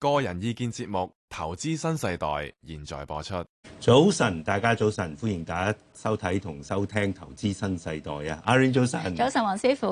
個人意見節目。投資新世代現在播出。早晨，大家早晨，歡迎大家收睇同收聽投資新世代啊！阿 Rain 早晨，早晨黃師傅，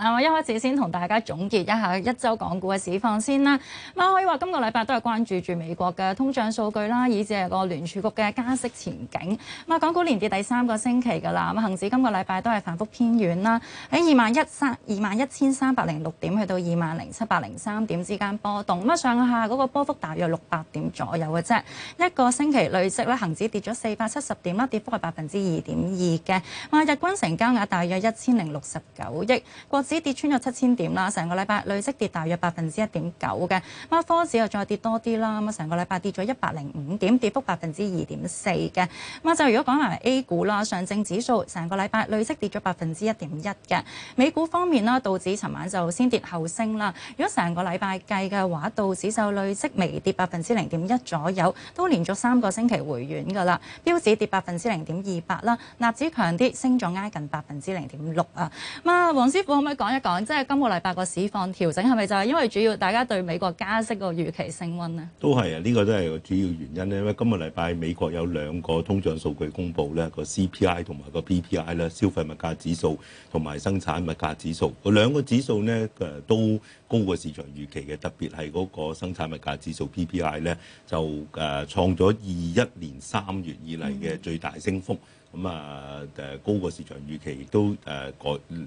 咁我一開始先同大家總結一下一周港股嘅市況先啦。咁可以話今個禮拜都係關注住美國嘅通脹數據啦，以至係個聯儲局嘅加息前景。咁啊，港股連跌第三個星期噶啦。咁啊，恒指今個禮拜都係反覆偏軟啦，喺二萬一三二萬一千三百零六點去到二萬零七百零三點之間波動。咁啊，上下嗰個波幅大約六百點。左右嘅啫，一個星期累積咧，恒指跌咗四百七十點啦，跌幅係百分之二點二嘅。咁日均成交額大約一千零六十九億，國指跌穿咗七千點啦，成個禮拜累積跌大約百分之一點九嘅。咁科指又再跌多啲啦，咁啊，成個禮拜跌咗一百零五點，跌幅百分之二點四嘅。咁就如果講埋 A 股啦，上證指數成個禮拜累積跌咗百分之一點一嘅。美股方面啦，道指尋晚就先跌後升啦，如果成個禮拜計嘅話，道指就累積微跌百分之零。點一左右都連續三個星期回軟㗎啦，標指跌百分之零點二八啦，納指強啲，升咗挨近百分之零點六啊！嘛，黃師傅可唔可以講一講，即係今個禮拜個市況調整係咪就係因為主要大家對美國加息個預期升溫呢？都係啊，呢個都係個主要原因咧，因為今個禮拜美國有兩個通脹數據公布咧，個 CPI 同埋個 PPI 咧，消費物價指數同埋生產物價指數個兩個指數咧嘅都。高嘅市場預期嘅，特別係嗰個生產物價指數 PPI 咧，就誒創咗二一年三月以嚟嘅最大升幅。咁啊誒高過市場預期，亦都誒、呃、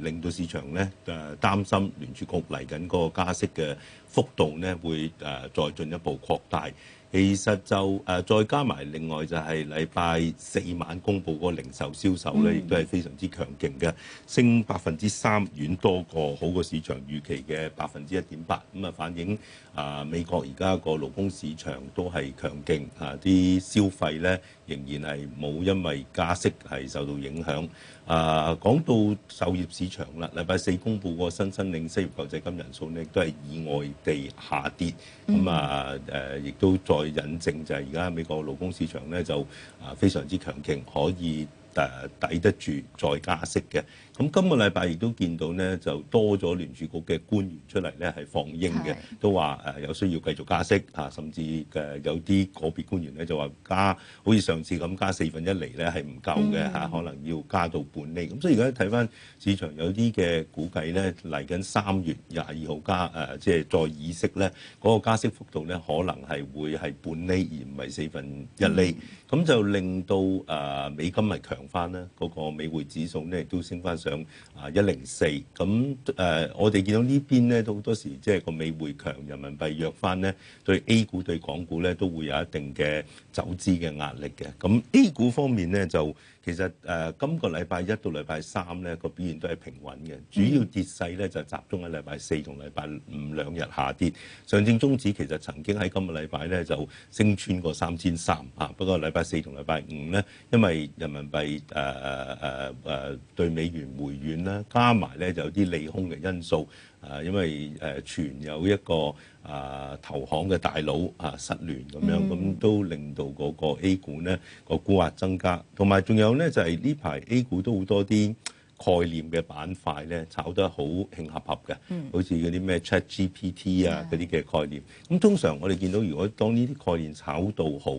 令到市場咧誒擔心聯儲局嚟緊個加息嘅幅度呢會誒、呃、再進一步擴大。其實就誒、呃、再加埋另外就係禮拜四晚公布個零售銷售咧亦都係非常之強勁嘅，升百分之三遠多過好個市場預期嘅百分之一點八。咁、嗯、啊反映啊、呃、美國而家個勞工市場都係強勁啊啲消費咧仍然係冇因為加息。係受到影響。啊，講到就業市場啦，禮拜四公布個新申領失業救濟金人數呢都係意外地下跌。咁啊，誒、啊、亦都再引證就係而家美國勞工市場咧就啊非常之強勁，可以誒抵得住再加息嘅。咁今個禮拜亦都見到咧，就多咗聯儲局嘅官員出嚟咧，係放鷹嘅，都話誒有需要繼續加息啊，甚至誒有啲個別官員咧就話加，好似上次咁加四分一釐咧係唔夠嘅嚇，可能要加到半釐。咁所以而家睇翻市場有啲嘅估計咧，嚟緊三月廿二號加誒，即係再議息咧，嗰個加息幅度咧可能係會係半釐而唔係四分一釐，咁就令到誒美金係強翻啦，嗰個美匯指數咧都升翻，兩啊一零四咁誒，我哋見到呢邊咧，都好多時即係個美匯強，人民幣弱翻咧，對 A 股對港股咧，都會有一定嘅走資嘅壓力嘅。咁 A 股方面咧就。其實誒、uh, 今個禮拜一到禮拜三咧個表現都係平穩嘅，主要跌勢咧就是、集中喺禮拜四同禮拜五兩日下跌。上證綜指其實曾經喺今個禮拜咧就升穿過三千三嚇，不過禮拜四同禮拜五咧，因為人民幣誒誒誒對美元回軟啦，加埋咧就有啲利空嘅因素。啊，因為誒、呃，全有一個啊、呃、投行嘅大佬啊失聯咁樣，咁、嗯、都令到嗰個 A 股咧個沽壓增加，同埋仲有咧就係呢排 A 股都好多啲。概念嘅板塊咧炒得好興合合嘅，好似嗰、嗯、啲咩 ChatGPT 啊嗰啲嘅概念。咁的通常我哋見到，如果當呢啲概念炒到好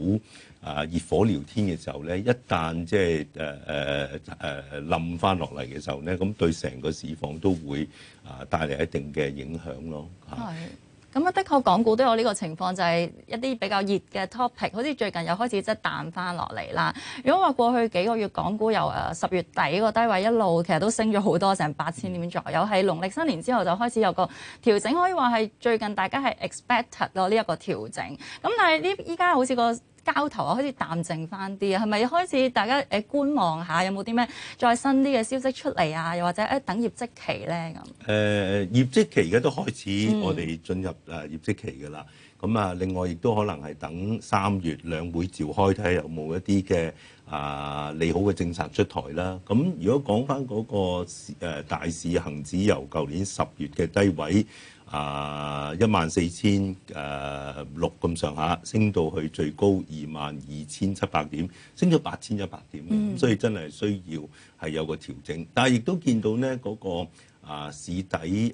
啊熱火聊天嘅時候咧，一旦即係誒誒誒冧翻落嚟嘅時候咧，咁對成個市況都會啊帶嚟一定嘅影響咯。係。咁啊，的確港股都有呢個情況，就係、是、一啲比較熱嘅 topic，好似最近又開始即係彈翻落嚟啦。如果話過去幾個月港股由誒十月底個低位一路，其實都升咗好多，成八千點左右。喺農曆新年之後就開始有個調整，可以話係最近大家係 expected 咯呢一、這個調整。咁但係呢依家好似個交投啊，開始淡靜翻啲啊，係咪開始大家誒觀望下，有冇啲咩再新啲嘅消息出嚟啊？又或者誒等業績期咧咁？誒、呃、業績期而家都開始，我哋進入誒業績期㗎啦。咁啊、嗯，另外亦都可能係等三月兩會召開睇下有冇一啲嘅啊利好嘅政策出台啦。咁如果講翻嗰個大市恆指由舊年十月嘅低位。啊，一萬四千誒六咁上下，升到去最高二萬二千七百點，升咗八千一百點，8，點 mm. 所以真係需要係有個調整，但係亦都見到咧嗰個。啊，市底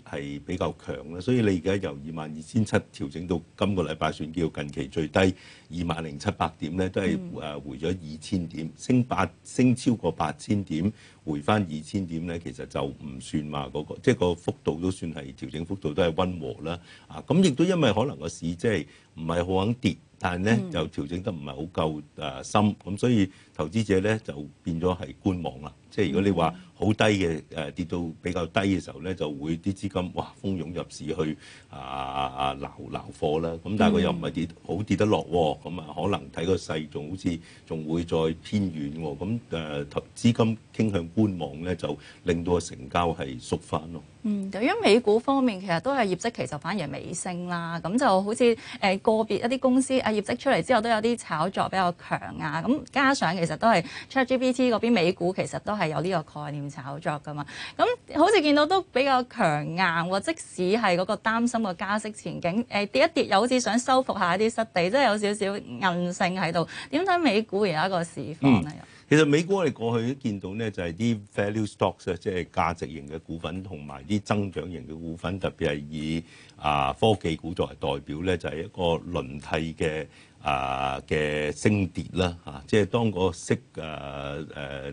係比較強啦，所以你而家由二萬二千七調整到今個禮拜算叫近期最低二萬零七百點咧，都係誒回咗二千點，升八升超過八千點，回翻二千點咧，其實就唔算話嗰個，即係個幅度都算係調整幅度都係温和啦。啊，咁亦都因為可能個市即係。就是唔係好肯跌，但係咧就調整得唔係好夠誒深，咁所以投資者咧就變咗係觀望啦。即係如果你話好低嘅誒跌到比較低嘅時候咧，就會啲資金哇蜂擁入市去啊撈撈貨啦。咁但係佢又唔係跌好跌得落喎，咁啊可能睇個勢仲好似仲會再偏遠喎。咁誒投資金傾向觀望咧，就令到個成交係縮翻咯。嗯，由於美股方面其實都係業績其實反而尾聲啦。咁就好似誒、呃、個別一啲公司啊業績出嚟之後都有啲炒作比較強啊。咁、嗯、加上其實都係 ChatGPT 嗰邊美股其實都係有呢個概念炒作㗎嘛。咁、嗯、好似見到都比較強硬喎。即使係嗰個擔心個加息前景誒、呃、跌一跌，又好似想收復下啲失地，即係有少少韌性喺度。點解美股而家一個市況咧、嗯？其實美股我哋過去都見到咧，就係、是、啲 value stocks 即係價值型嘅股份同埋啲增長型嘅股份，特別係以啊科技股作為代表咧，就係、是、一個輪替嘅啊嘅升跌啦嚇、啊。即係當個息啊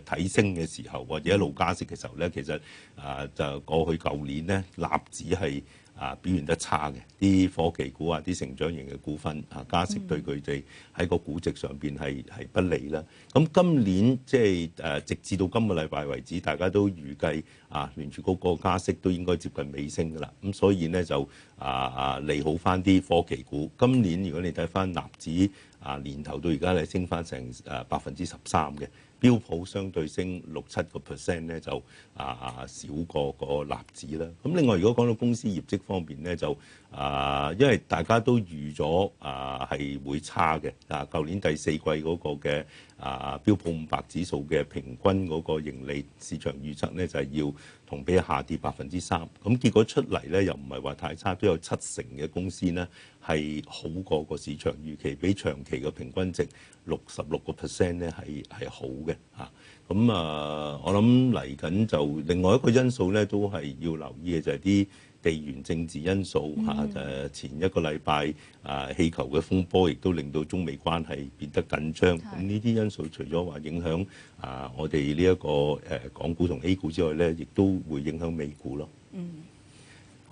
誒睇升嘅時候，或者一路加息嘅時候咧，其實啊、呃、就過去舊年咧，甚至係。啊，表現得差嘅啲科技股啊，啲成長型嘅股份啊，加息對佢哋喺個估值上邊係係不利啦。咁今年即係誒，直至到今個禮拜為止，大家都預計啊，聯儲局個加息都應該接近尾聲噶啦。咁所以咧就啊啊利好翻啲科技股。今年如果你睇翻納指。啊，年頭到而家咧升翻成誒百分之十三嘅，標普相對升六七個 percent 咧，就啊少過個納指啦。咁另外如果講到公司業績方面咧，就啊因為大家都預咗啊係會差嘅。啊，舊、啊、年第四季嗰個嘅啊標普五百指數嘅平均嗰個盈利市場預測咧，就係、是、要同比下跌百分之三。咁、啊、結果出嚟咧，又唔係話太差，都有七成嘅公司咧。係好過個市場預期，比長期嘅平均值六十六個 percent 咧，係係好嘅嚇。咁啊，我諗嚟緊就另外一個因素咧，都係要留意嘅，就係、是、啲地緣政治因素嚇。誒、啊、前一個禮拜啊氣球嘅風波，亦都令到中美關係變得緊張。咁呢啲因素除咗話影響啊我哋呢一個誒港股同 A 股之外咧，亦都會影響美股咯。嗯。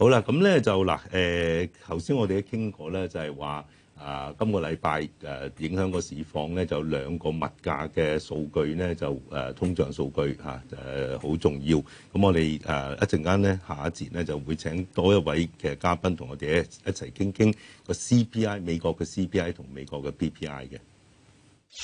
好啦，咁咧就嗱，誒頭先我哋都傾過咧，就係話啊，今個禮拜誒影響個市況咧，就兩個物價嘅數據咧，就誒、呃、通脹數據嚇誒好重要。咁我哋誒一陣間咧下一節咧就會請多一位嘅嘉賓同我哋咧一齊傾傾個 CPI 美國嘅 CPI 同美國嘅 PPI 嘅。